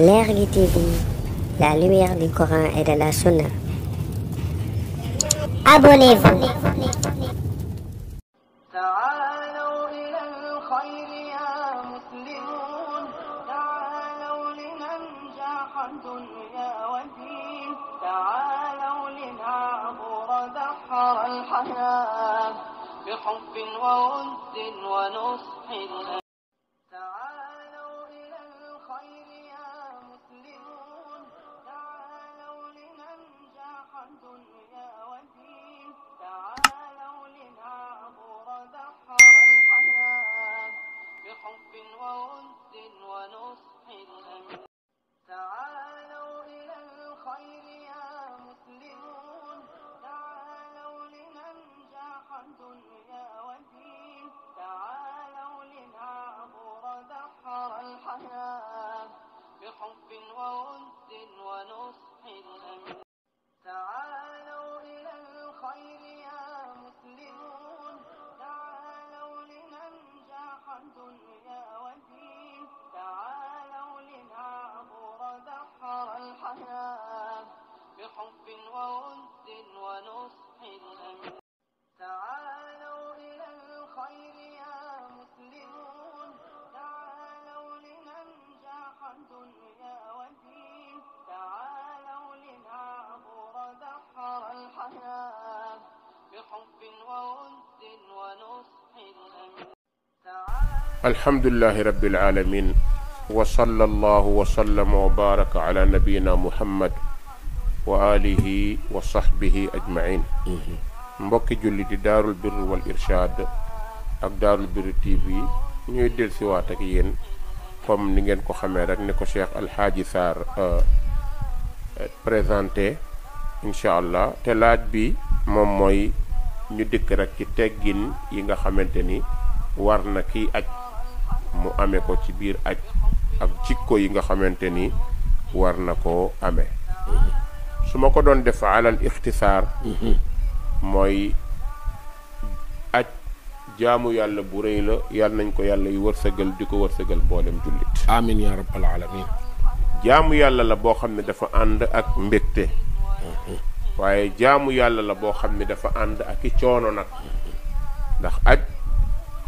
du TV, la lumière du Coran et de la Sunna. Abonnez-vous. حب وود ونصح أمين الحمد لله رب العالمين وصلى الله وسلم وبارك على نبينا محمد وآله وصحبه أجمعين مبكي جولي دي دار البر والإرشاد أك دار البر تي في نيو ديل سواتك يين فم نيجن كو خمي رك نيكو شيخ الحاج ثار بريزانتي ان شاء الله تي لاج بي موم موي ني ديك رك تي تيغين ييغا خامتاني warna ki ak amé ko ci biir aj ak jikko yi nga xamante ni war na koo amee su ko doon def alal ixtisaar mooy aj jaamu yàlla bu rëy la yàlla nañ ko yàlla yu wërsëgal di ko wërsëgal boolem jullit amin ya rabbal alamin jaamu yàlla la boo xam ne dafa ànd ak mbégte waaye jaamu yàlla la boo xam ne dafa ànd ak coono nag ndax aj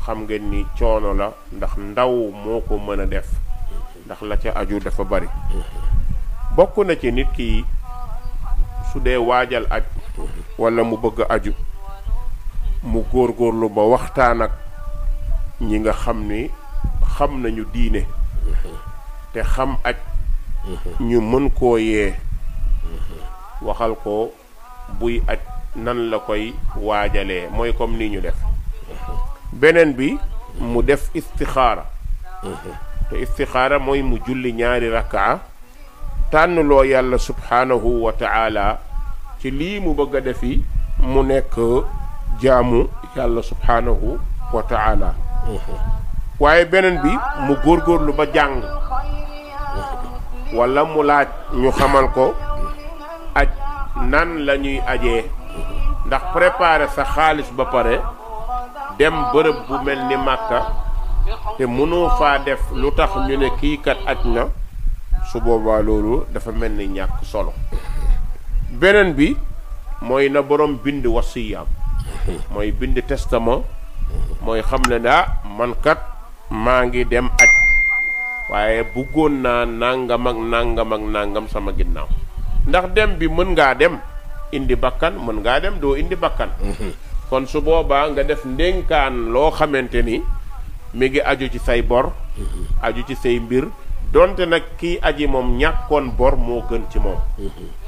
xam ngeen ni coono la ndax ndaw moo ko mën a def ndax la ca aju dafa bari bokk na ci nit ki su dee waajal aj walla mu bëgg aju mu góor góorlu ba waxtaan ak ñi nga xam ni xam nañu diine te xam aj ñu mën koo yee waxal ko buy aj nan la koy waajalee mooy comme ni ñu def beneen bi mu def istixaara te istixaara mooy mu julli ñaari rakkaa tànnloo yàlla subhaanahu wa taala ci lii mu bëgg a defi mu nekk jaamu yàlla subhaanahu wa taala waaye beneen bi mu góor góorlu ba jàng walla mu laaj ñu xamal ko aj nan lañuy aje ndax prepare sa xaalis ba pare dem bërëb bu mel ni màkka te mënoo fa def lu tax ñu ne kii kat aj na su boobaa dafa ni solo beneen bi mooy na borom bind wasiyaam mooy bind testament mooy xam mankat, mangi man kat maa dem at, waaye bëggoon naa nangam ak nangam ak nangam sama ginnaaw ndax dem bi mën ngaa dem indi bakkan mën ngaa dem do indi bakkan kon su boobaa nga def ndénkaan loo xamante ni mi ngi aju ci say bor aju ci say mbir donte nag kii aji moom ñàkkoon bor moo gën ci moom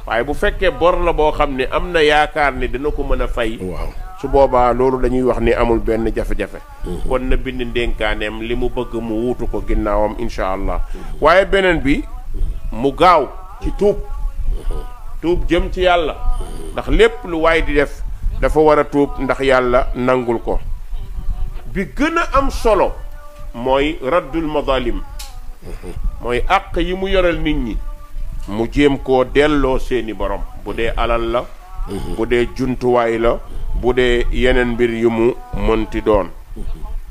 waaye bu fekkee bor la boo xam ne am na yaakaar ni dina ko mën a fay waaw su boobaa loolu dañuy wax ni amul benn jafe-jafe kon na bind ndénkaaneem li mu bëgg mu wuutu ko ginnaawam incha allah waaye beneen bi mu gaaw ci tuub tuub jëm ci yàlla ndax lépp lu waay di def dafa war a tuub ndax yàlla nangul ko bi gën a am solo mooy raddul madalim mooy àq yi mu yoral nit ñi mu jéem koo delloo seeni borom bu dee alal la bu dee juntuwaay la bu dee yeneen mbir yu mu mënti doon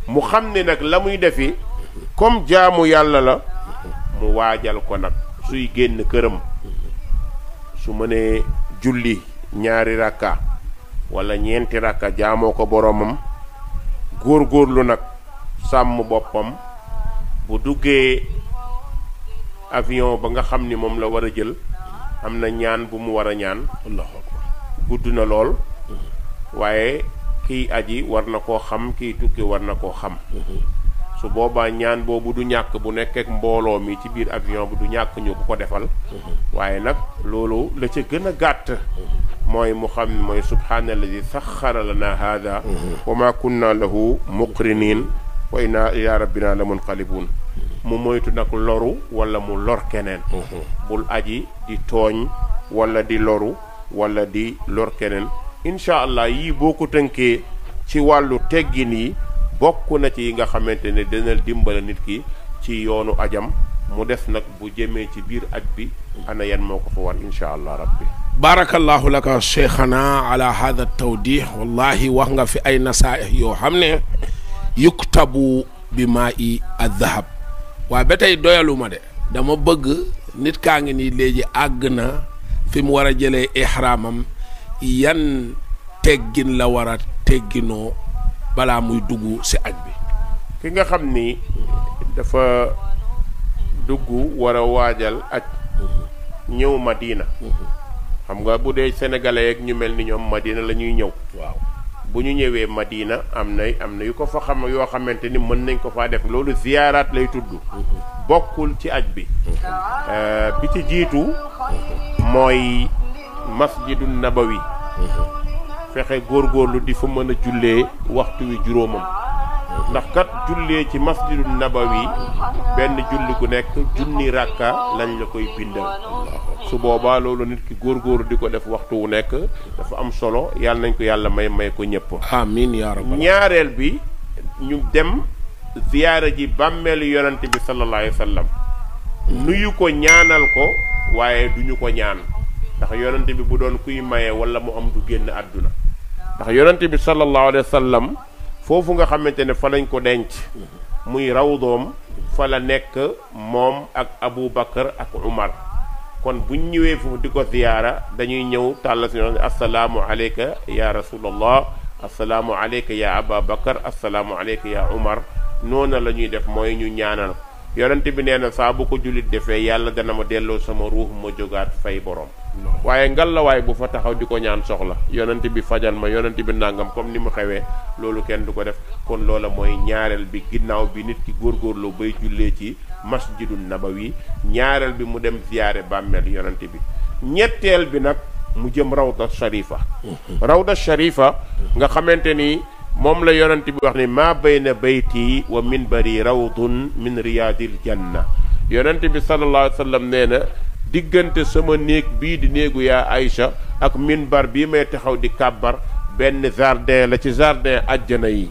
mu xam ne nag la muy defi comme jaamu yàlla la mu waajal ko nag suy génn këram su mënee julli ñaari rakka wala ñeenti rakka jaamoo ko boroomam góor-góorlu nag sàmm boppam bu duggee avion ba nga xam ni moom la war a jël am na ñaan bu mu war a ñaan gudd na lool waaye kiy aji war na koo xam kiy tukki war na koo xam mhm. su boobaa ñaan boobu du ñàkk bu nekkeek mbooloo mi ci biir avion bi du ñàkk ñu ko ko defal waaye nag loolu la ca gën a gàtt mooy mu xam mooy subhaanalladi saxara lana haada mm-hmm. wa ma kunna lahu muqrinin wa inna ila rabbina la munqalibun mu moytu nag loru wala mu lor keneen mm-hmm. bul aji di tooñ walla di loru wala di lor keneen incha allah yii boo ko tënkee ci wàllu teggin yi bokk na ci yi nga xamantene ne dina dimbale nit ki ci yoonu ajam mu def nak bu jeme ci bir aj bi ana yan moko fa war inshallah rabbi barakallahu laka shaykhana ala hadha tawdih wallahi wax nga fi ay nasaih yo xamne yuktabu bima'i adh-dhahab wa waaye doyaluma de dama bëgg nit ka ngi ni leji agna fi mu wara jele ihramam yan teggin la wara a balaa muy dugg ci aj bi ki nga xam ni dafa dugg wara waajal ak mhm. ñëw Madina mhm. xam nga bu dee sénégalais ak ñu mel ni ñoom Madina la ñuy ñëw waaw bu ñu ñëwee Madina am na am na yu ko fa xam yoo xamante ni mën nañ ko faa def loolu ziyaaraat lay tudd mhm. bokkul ci aj bi euh, bi ci jiitu mooy masjidu nabawi fexe góorlu di fa mën a jullee waxtu wi juróomam ndax kat jullee ci naba nabawi benn julli gu nekk junni ràkka lañ la koy bindal su boobaa loolu nit ki góorgóorlu di ko def waxtu wu nekk dafa am solo yàlla nañ ko yàlla may may ko ñëpp amiin ñaareel bi ñu dem ziyaara ji bàmmeel yonent bi sallallahu alayhi wa nuyu ko ñaanal ko waaye duñu ko ñaan ndax yonent bi bu doon kuy maye wala mu am du génn àdduna ndax yonente bi sallallahu alayhi wa foofu nga xamante ne fa lañ ko denc muy raw doom fa la nekk moom ak Abu Bakar ak Umar kon buñ ñëwee foofu di ko ziyaara dañuy ñëw tàll si ñoom assalaamu aleyka ya rasulallah assalaamu aleyka ya Aba ya Umar noona la ñuy def mooy ñu ñaanal yonent bi nee na saa bu ko jullit defee yàlla dana ma delloo sama ruux ma jógaat fay borom. waaye ngallaawaay bu fa taxaw di ko ñaan soxla. yonent bi fajal ma yonent bi nangam comme ni mu xewee loolu kenn du ko def kon loola mooy ñaareel bi ginnaaw bi nit ki góorgóorloo bay jullee ci masjidu nabawi ñaareel bi mu dem ziyaare bàmmeel yonent bi ñetteel bi nag mu jëm rawda sharifa mm-hmm. rawda sharifa nga xamante ni. mom la yonent bi wax ni ma bayna bayti wa minbari rawdun min riyadil janna yonent bi sallallahu alayhi wasallam neena digeunte sama néeg bi di néegu ya aisha ak minbar bi may taxaw di kàbbar ben jardin la ci jardin aljana yi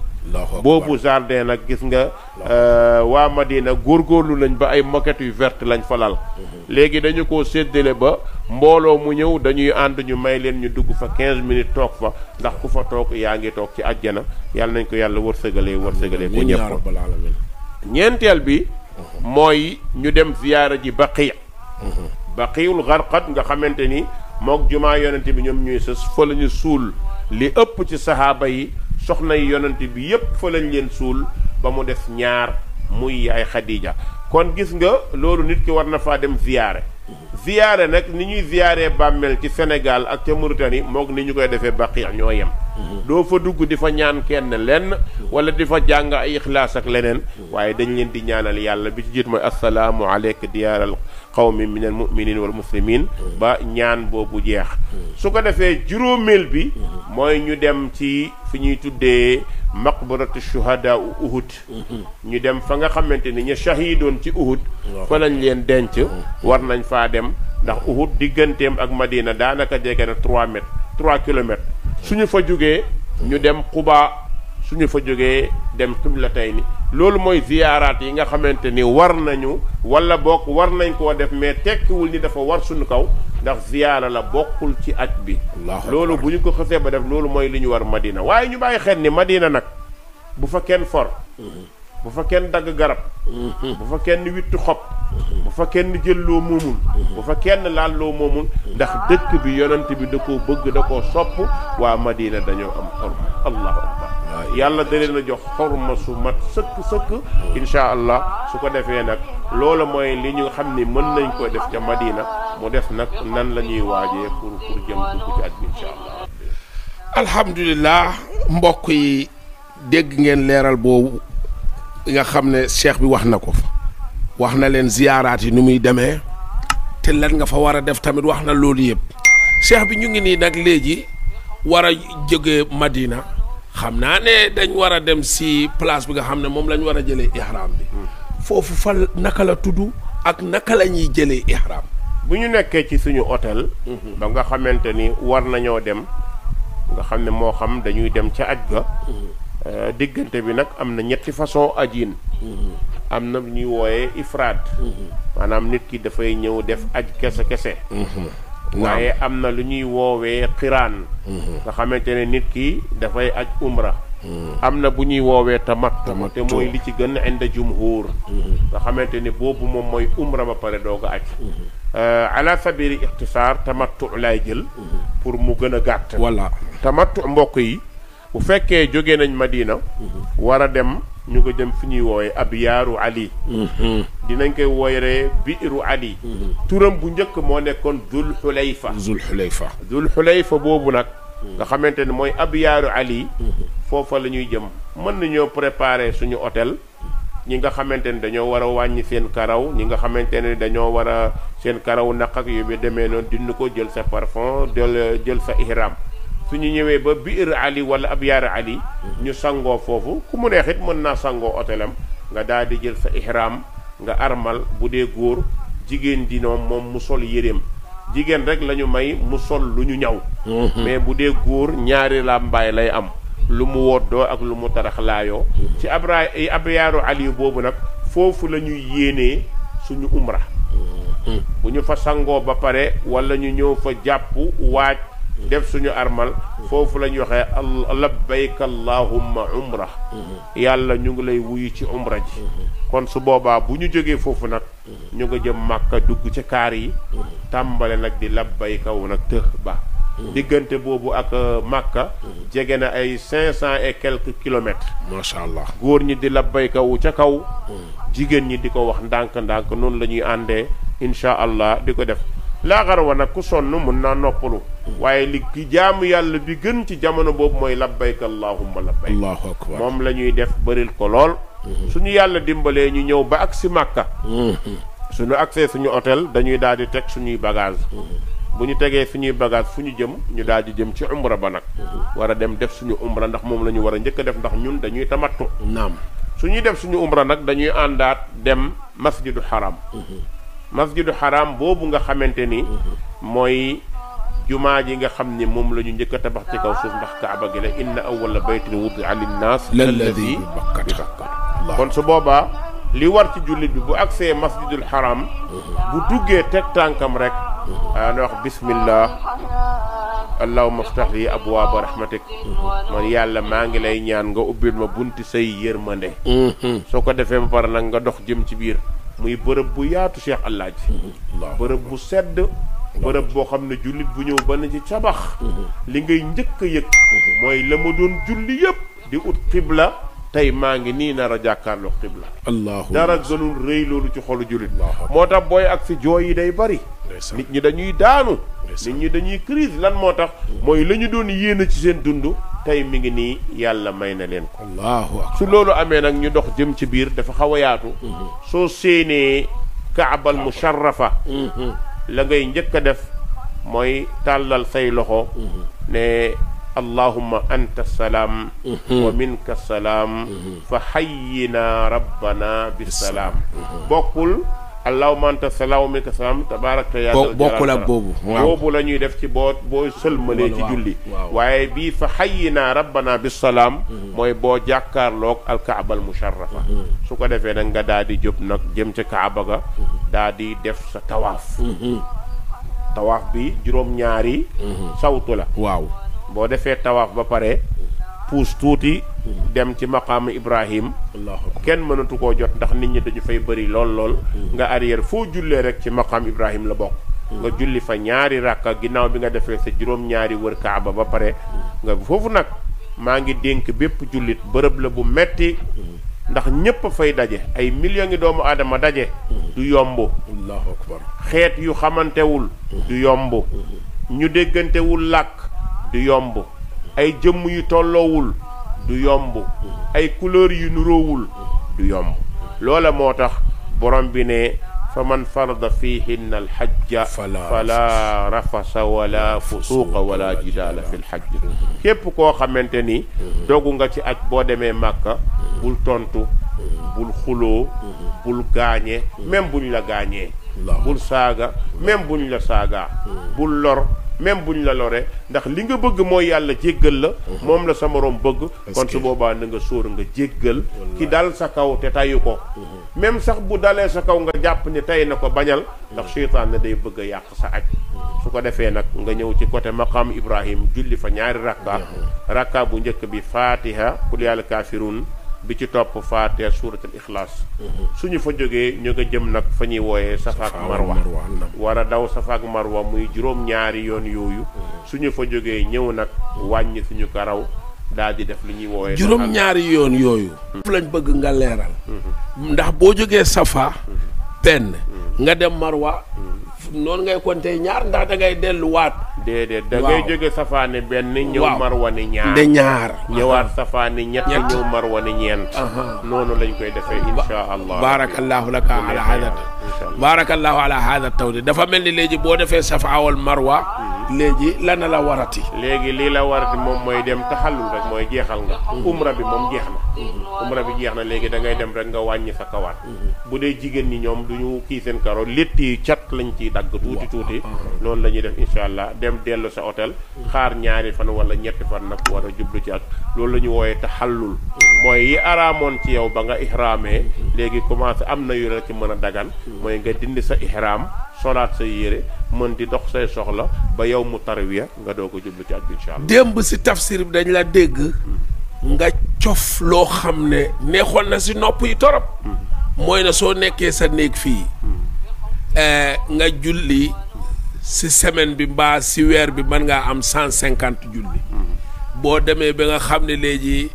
boobu jardin nag gis nga euh, waa Madina góorlu lañ ba ay moquette yu verte lañ falal mhm. léegi dañu ko séddale ba mbooloo mu ñëw dañuy ànd ñu may leen ñu dugg fa 15 minutes toog fa ndax ku fa toog yaa ngi toog ci àjjana yàlla nañ ko yàlla wërsëgalee wërsëgalee ko ñëpp ñeenteel bi mhm. mooy ñu dem ziyaara ji baqi mhm. baqiul xarqat nga xamante ni mook jumaa yonente bi ñoom ñuy sës fa la suul li ëpp ci saxaaba yi soxna yi yonent bi yépp fa lañ leen suul ba mu des ñaar muy yaay Xadija kon gis nga loolu nit ki war na faa dem ziyaare ziyaare nag ni ñuy ziyaare bàmmeel ci Sénégal ak ca Mauritanie moog ni ñu koy defee baqi ñoo yem doo fa dugg di fa ñaan kenn lenn wala di fa jàng ay ixlaas ak leneen waaye dañ leen di ñaanal yàlla bi ci jiit mooy assalaamu aleyka diyaaral qawmi min al muminin wal ba ñaan boobu jeex su ko defee juróomeel bi mooy ñu dem ci fi ñuy tuddee maqbaratu shuhada u uhud ñu dem fa nga xamante ni ñu shahidoon ci uhud fa nañ leen denc war nañ faa dem ndax uhud digganteem ak madina daanaka jege na 3 mètres 3 kilomètres suñu fa jógee ñu dem xubaa suñu fa jógee dem la xiblatay ni loolu mooy ziyaaraat yi nga xamante ni war nañu wala bokk war nañ koo def mais tekkiwul ni dafa war suñu kaw ndax ziyaara la bokkul ci aj bi loolu bu ñu ko xësee ba def loolu mooy li ñu war Madina waaye ñu bàyyi xel ni Madina nag bu fa kenn for bu fa kenn dagg garab bu fa kenn witti xob bu fa kenn jël loo moomul bu fa kenn laal loo moomul ndax dëkk bi yonent bi da koo bëgg da koo sopp waa Madina dañoo am xorma allahu yàlla da leen jox xorma su mat sëkk sëkk incha allah su ko defee nag loola mooy li ñu xam ni mën nañ koo def ca Madina mu def nag nan la ñuy waajee pour pour jëm dugg ci at bi incha allah. alhamdulilah mbokk yi dégg ngeen leeral boobu nga xam ne cheikh bi wax na ko fa wax na leen ziyaaraat yi ni muy demee te lan nga fa war a def tamit wax na loolu yëpp cheikh bi ñu ngi nii nag léegi war a jóge Madina. xam naa ne dañ war a dem si place bi nga xam ne moom lañ war a jëlee ihram bi foofu fan naka la tudd ak naka la ñuy jëlee ihram bu ñu nekkee ci suñu hôtel mhm. ba nga xamante ni war nañoo dem nga xam ne moo xam dañuy dem ca aj ga mhm. euh, diggante bi nag am na ñetti façon ajiin mhm. am na bu ñuy wooyee ifraad maanaam nit ki dafay ñëw def aj kese kese waaye am na lu ñuy woowee xiraan mhm. nga xamante ne nit ki dafay aj umra mhm. am na bu ñuy woowee tamattu te mooy li ci gën inda jumhur mhm. nga xamante ne boobu moom mooy umra ba pare doog a aj euh, ala sabiri ixtisaar tamattu laay jël pour mu gën a gàtt voilà tamattu mbokk yi bu fekkee jóge nañ Madina war a dem ñu ko jëm fi ñuy woowee ab yaaru ali dinañ koy wooyeree biiru adi mhm. turam bu njëkk moo nekkoon Zul Xulayfa Zul Xulayfa Zul Xulayfa boobu nag nga xamante ne mooy ab abiyaaru ali mhm. foofa la ñuy jëm mën nañoo préparer suñu otel ñi nga xamante ne dañoo war a wàññi seen karaw ñi nga xamante ne dañoo war a seen karaw naq ak yu bi demee noonu dindi ko jël sa parfum jël jël sa ihram suñu ñëwee ba biir ali wala abiyaaru ali mhm. ñu sangoo foofu ku mu neexit mën naa sangoo hôtelam nga daal di jël sa ihram nga armal bu dee góor jigéen di moom mu sol yéreem jigéen rek la ñu may mu sol lu ñu ñaw mhm. mais bu dee góor ñaari làmbaay lay am lu mu woddoo ak lu mu taraxlaayoo mhm. ci abra eh, abriyaaru ali boobu nag foofu la ñuy yéenee suñu umra mhm. bu ñu fa sangoo ba pare wala ñu ñëw fa jàpp waaj def suñu armal foofu lañ waxee labbayka allahumma umra yàlla ñu ngi lay wuyu ci umra ji kon su boobaa bu ñu jógee foofu nag ñu nga jëm màkka dugg ci kaar yi tàmbale nag di labbayka wu nag tëx ba diggante boobu ak euh, màkka jege na ay cinq cent et quelques kilomètres macha allah góor ñi di labbayka wu ca kaw jigéen ñi di ko wax ndànk-ndànk noonu la ñuy àndee incha allah di ko def laaxar wana ku sonn mun naa noppalu waaye li ki jaamu yàlla bi gën ci jamono labbayk allahumma labbayk allahu akbar moom la def bëril ko lool mhm. suñu yàlla dimbalee ñu ñëw ba ak si màkka mhm. suñu accès suñu hôtel dañuy daal di teg suñuy bagage mhm. bu ñu tegee suñuy bagage fu ñu jëm ñu jëm ci umra ba dem def suñu umra ndax moom la ñu war def ndax ñun dañuy tamattu naam suñuy def suñu umra nag dañuy àndaat dem masjidul haram masjidu xaraam boobu nga xamante ni mooy jumaa ji nga xam ni moom la ñu njëkk a tabax ci kaw suuf ndax kaaba gi la inna awwala baytin wudi'a linnaas lalladi bi Bakka kon su boobaa li war ci jullit bi bu agsee masjidul xaram bu duggee teg tànkam rek ana wax bismillah allahumma aftah li abwaaba rahmatik man yàlla maa ngi lay ñaan nga ubbil ma bunt say yërmande mhm. soo ko defee ba pare nag nga dox jëm ci biir muy bërëb bu yaatu Cheikh mm-hmm. Allaaji bërëb bu sedd bërëb boo xam ne jullit bu ñëw ba na ci cabax mm-hmm. li ngay njëkk a yëg mm-hmm. mooy la ma doon julli yépp di ut xibla tey maa ngi nii nar a jàkkaarloo xibla allahu dara gënul rëy loolu ci xolu jullit moo tax booy ak si jooy yi day bari nit ñi dañuy daanu nit ñi dañuy crise lan moo tax mooy la ñu doon yéene ci seen dund tey mi ngi nii yàlla may na leen ko. allahu akbar su loolu amee nag ñu dox jëm ci biir dafa xaw a yaatu. soo séenee kaabal musharrafa la ngay njëkk a def mooy tàllal say loxo. ne allahumma anta salaam. wa minka salaam. fa xayyina rabbana bisalaam. bokkul. allahumma anta salaam ka salaam tabaarakta yaa boobu boobu la ñuy def ci boo boo sëlmalee ci julli waaye bii fa xayyinaa rabbana bi salaam mm-hmm. mooy boo jàkkaarlook alkaabal musharrafa mm-hmm. su ko defee nag nga daal di jóg nag jëm ca kaaba ga mm-hmm. daal di def sa tawaaf tawaaf bi juróom-ñaari sawtu la waaw boo defee tawaaf ba pare puus tuuti dem ci maqam ibrahim kenn mënatu koo jot ndax nit ñi dañu fay bëri lool lool hmm. nga arrière foo jullee rek ci maqam ibrahim la bokk hmm. nga julli fa ñaari rakka ginnaaw bi nga defee sa juróom ñaari wër kaaba ba pare hmm. nga foofu nag maa ngi dénk bépp jullit bërëb la bu metti ndax ñépp fay daje ay millions ngi doomu aadama daje du yomb allahu akbar xeet yu xamantewul du yomb ñu déggantewul làkk du yomb ay jëmm yu tolloowul du yomb ay couleurs yu nuroowul du yomb loola moo tax borom bi ne fa man farada fihinna alxajja fala rafasa wala fusuuqa wala jidaala fi lxajj képp koo xamante ni dogu nga ci aj boo demee màkka bul tontu bul xuloo bul gaañe même buñ la gaañee bul saaga même buñ la saagaa bul lor même buñ la loree ndax li nga bëgg mooy yàlla jéggal la mhm. moom la sa moroom bëgg kon su boobaa na nga sóor nga jéggal ki dal sa kaw te tayu ko mhm. même sax bu dalee sa kaw nga jàpp ni tey na ko bañal ndax mhm. seytaan na day bëgg a yàq sa aj su ko defee nag nga ñëw ci côté maqam ibrahim julli fa ñaari rakka rakka bu njëkk bi fatiha kul yàlla kafirun bi ci topp faatiha suuratul ixlaas mm-hmm. suñu fa jógee ñu jëm nag fa ñuy wooyee safa ak marwa war a daw safa ak marwa muy juróom ñaari yoon yooyu mm-hmm. suñu fa jógee ñëw nag wàññi suñu karaw daal di def li ñuy wooyee juróom ñaari yoon yooyu mm-hmm. lañ bëgg nga leeral ndax boo jógee safa benn nga dem marwa noonu ngay compter ñaar ndax da ngay delluwaat. déedéet da ngay jóge safaani benn. ñëw marwani ñaar de ñaar. ñëwaat safaani ñett ñëw marwani ñeent. noonu lañ koy defee incha allah. baarakallahu laka ala hada baarakallahu ala hada tawdi dafa mel ni léegi boo defee safa wal marwa. Hmm. léegi lana la warati. léegi lii la warati moom mooy dem taxallul rek mooy jeexal nga. Hmm. umra bi moom jeex na. Hmm. umra bi jeex na léegi da ngay dem rek nga wàññi sa kawaat. bu dee jigéen ñi ñoom du ñu kii seen karo létt yi cat rek lañ ciy dagg tuuti tuuti noonu la ñuy def insha allah dem dellu sa hôtel xaar ñaari fan wala ñetti fan nag war a jublu ci ak loolu la ñu wooyee taxallul mooy yi araamoon ci yow ba nga ihraamee léegi commencé am na yu la ci mën a dagan mooy nga dindi sa ihraam solaat sa yére mën di dox say soxla ba yow mu tarwiya nga jublu ci ak insha allah démb si tafsir bi dañ la dégg nga cof loo xam ne neexoon na si nopp yi torop mm-hmm. mooy na soo nekkee sa néeg fii mm-hmm. Eh, nga julli si semaine bi mbaa si weer bi mën ngaa am cent cinquante julli boo demee ba nga xam ne léegi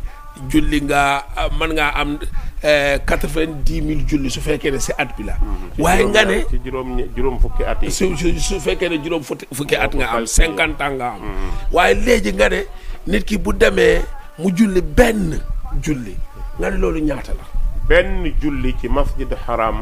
julli nga ah, mën ngaa am eh, quatre-vingt-dix mille julli su fekkee ne si at bi la mm-hmm. waaye nga ne juróom juróom fukki at yi su fekkee ne juróom fukki at nga am cinquante ans nga am mm-hmm. waaye léegi nga ne nit ki bu demee mu julli benn julli nga ne loolu ñaata la ben julli ci masjid haram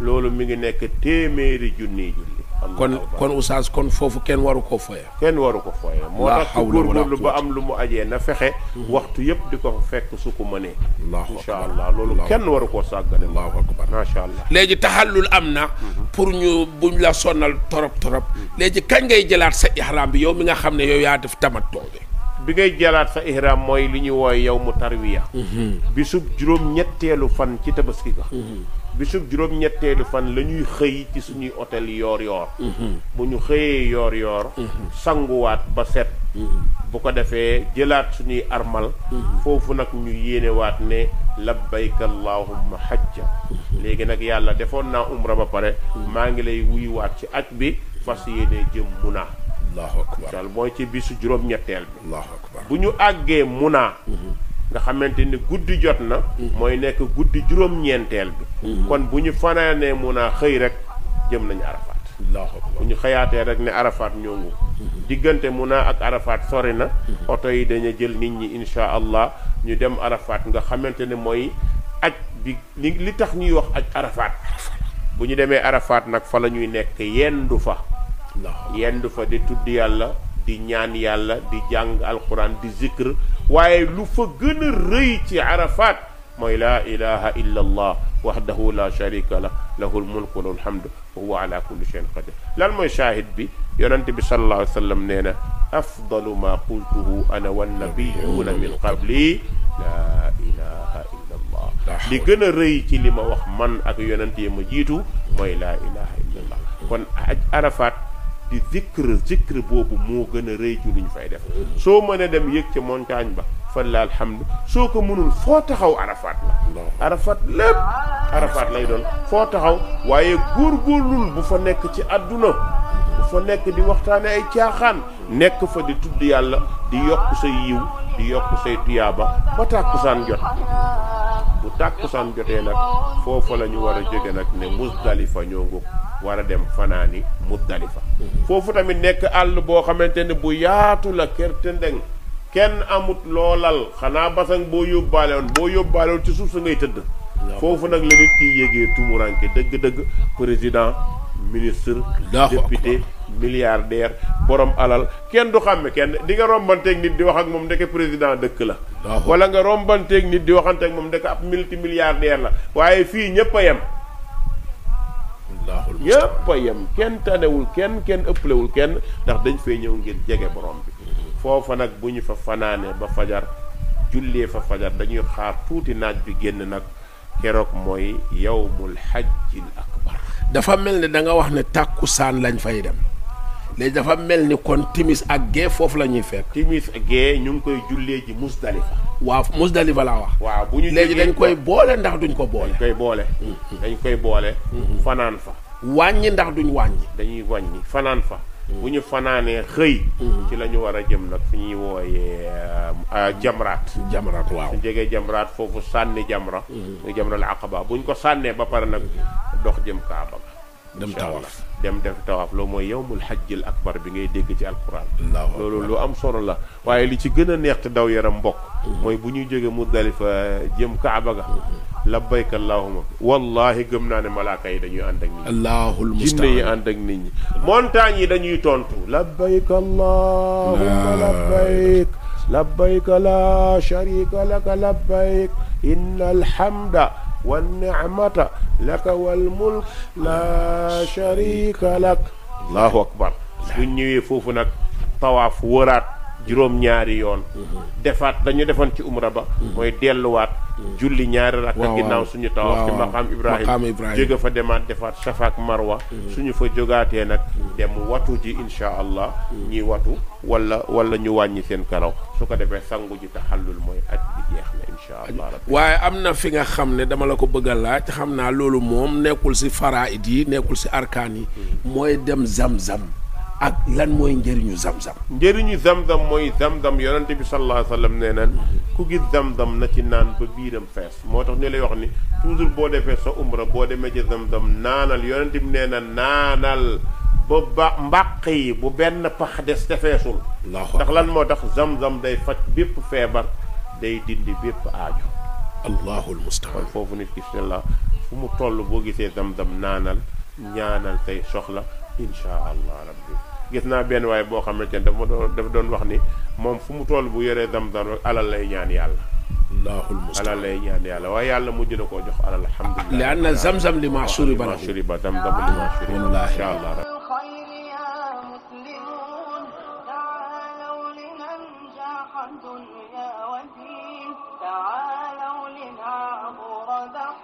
lolu mi ngi nek téméré junni julli kon kon oustaz kon fofu ken waru ko foye ken waru ko foye motax gor gor lu ba am lu mu ajé na fexe waxtu yëpp diko fekk suku mané inshallah lolu ken waru ko sagane allahu akbar inshallah légui tahallul amna pour ñu buñ la sonal torop torop légui kañ ngay jëlat sa ihram bi yow mi nga xamné yow ya def tamattu bi bi ngay jalaat sa ihram mooy li ñuy wooy yow mu tarwiya mhm. bisub juróom-ñetteelu fan ci tabaski ga mhm. juróom-ñetteelu fan la ñuy xëy ci suñuy hôtel yoor yoor mhm. bu ñu xëyee yoor yoor sanguwaat ba set bu ko defee jëlaat suñuy armal foofu nag ñu yéenewaat ne labbayka xaj hajja léegi nag yàlla defoon naa umra ba pare maa ngi lay wuyuwaat ci aj bi fas yéene jëm munaa allahu mooy ci bisu juróom-ñetteel bi. bu ñu àggee munaa. nga xamante ni guddi jot na. mooy nekk guddi juróom-ñeenteel bi. kon bu ñu fanaanee munaa xëy rek jëm nañu arafaat. bu ñu xëyaatee rek ne arafaat ñoo ngi diggante munaa ak arafaat sori na. oto yi dañu jël nit ñi incha allah ñu dem arafaat nga xamante ne mooy aj bi li tax ñuy wax aj arafaat. bu ñu demee arafaat nag fa la ñuy nekk yendu fa. yendu fa di tudd yàlla di ñaan yàlla di jàng alquran di zikr waaye lu fa gën a rëy ci arafat mooy la ilaha illa allah wahdahu la sharika la lahu lmulku lahu lhamdu wa huwa ala kulli shayin qadir lan mooy shahid bi yonente bi sallallahu alayhi sallam nee na afdalu ma qultuhu ana wannabiyuuna min qabli la ilaha illa allah li gën a rëy ci li ma wax man ak yonente yi ma jiitu mooy la ilaha illa allah kon arafat di zikr zikr boobu moo gën a rëy ci ñu fay def soo mënee dem yëg ca montagne ba fa la alhamdu soo ko mënul foo taxaw arafaat la arafaat lépp arafaat lay doon foo taxaw waaye góorgóorlul bu fa nekk ci àdduna bu fa nekk di waxtaane ay caaxaan nekk fa di tudd yàlla di yokk sa yiw di yokk say tuyaaba ba tàkkusaan jot bu tàkkusaan jotee nag foofa lañu ñu war a jóge nag ne Muzdalifa ñoo ngóog wara dem fanani muddalifa Fofu tamit nekk àll boo xamante bu yaatu la kër tëndeng kenn amut lolal xanaa basang boo yóbbaale woon boo yóbbaale woon ci suuf sa ngay tëdd foofu nag la nit ki yégee tumuranke dëgg-dëgg président ministre député milliardaire borom alal Ken du xàmme Ken? di nga rombanteeg nit di wax ak moom ndeke président dëkk la wala nga rombanteeg nit di waxante ak moom ndeke ab multi milliardaire la waaye fii ñëpp a ñëpp a yem kenn tanewul kenn kenn ëpplewul kenn ndax dañ fee ñëw ngir jege borom bi foofa nag bu ñu fa fanaane ba fajar jullee fa fajar dañuy xaar tuuti naaj bi génn nag keroog mooy yawmul hajjil akbar dafa mel ni danga nga wax ne saan lañ fay dem léegi dafa mel ni kon timis ak gee foofu la ñuy fekk. timis ak gee ñu ngi koy jullee ji musdalifa. waaw musdalifa laa wax. waaw bu ñu léegi dañ koy boole ndax duñ ko boole. dañ koy boole. Mm-hmm. dañ koy boole. Mm-hmm. fanaan fa. wàññi ndax duñ wàññi. dañuy wàññi fanaan fa. bu ñu fanaanee xëy. Mm-hmm. ci lañu war a jëm nag fi ñuy wooyee euh, euh, jamraat. jamraat waaw su jegee jamraat foofu sànni jamra. Mm-hmm. muy jamral aqaba bu ñu ko sànnee ba pare nag mm-hmm. dox jëm kaaba ga. dem tawaaf dem def tawaaf loolu mooy yowmul xajjil akbar bi ngay dégg ci alquran. lu am solo la waaye li ci gën a neex te daw yaram mbokk. mooy bu ñuy jógee Muzdalifa euh, jëm kaaba ga. labbayk allahuma wallahi gëm naa ne malaaka yi dañuy ànd ak nit ñi allahul mustaan jinne yi ànd ak nit ñi montagne yi dañuy tontu labbayk allahuma labbayk labbayk la sharika laka labbayk inna alhamda والنعمة لك والملك لا شريك لك الله أكبر بنيوي فوفنك طواف ورات juróom ñaari yoon mm-hmm. defaat dañu defoon ci umra ba mm-hmm. mooy delluwaat mm-hmm. julli ñaari rakka ginnaaw suñu tawaaf ci maqaam ibrahim jóge fa demaat defaat safaak marwa suñu fa jógaatee nag dem watu ji insha allah ñi watu walla wala ñu wàññi seen karaw su ko defee sangu ji taxallul mooy at jeex na insha allah waaye am na fi nga xam ne dama la ko bëgg a laaj xam naa loolu moom nekkul si faraid yi nekkul si arkaan yi mooy dem zam-zam ak lan mooy njëriñu zamzam njëriñu zamzam mooy zamzam yonent bi sallallahu alayhi wa sallam nee na ku gis zamzam na ci naan ba biiram fees moo tax ñu lay wax ni toujours boo defee sa umra boo demee ci zamzam naanal yonent bi nee na naanal ba ba mbàq yi bu benn pax des te feesul ndax lan moo tax zamzam day faj bépp feebar day dindi bépp aaju allahul mustaan foofu nit ki la fu mu toll boo gisee zamzam naanal ñaanal tey soxla ان شاء الله ربي جيتنا بن واي بو خامتين دا دون دون واخني موم فمو تول بو يري دم دار على لا نيان يالا الله المستعان على لا نيان يالا واي يالا مو جينا كو جخ على الحمد لله لان زمزم لما شرب لما شرب دم دم لما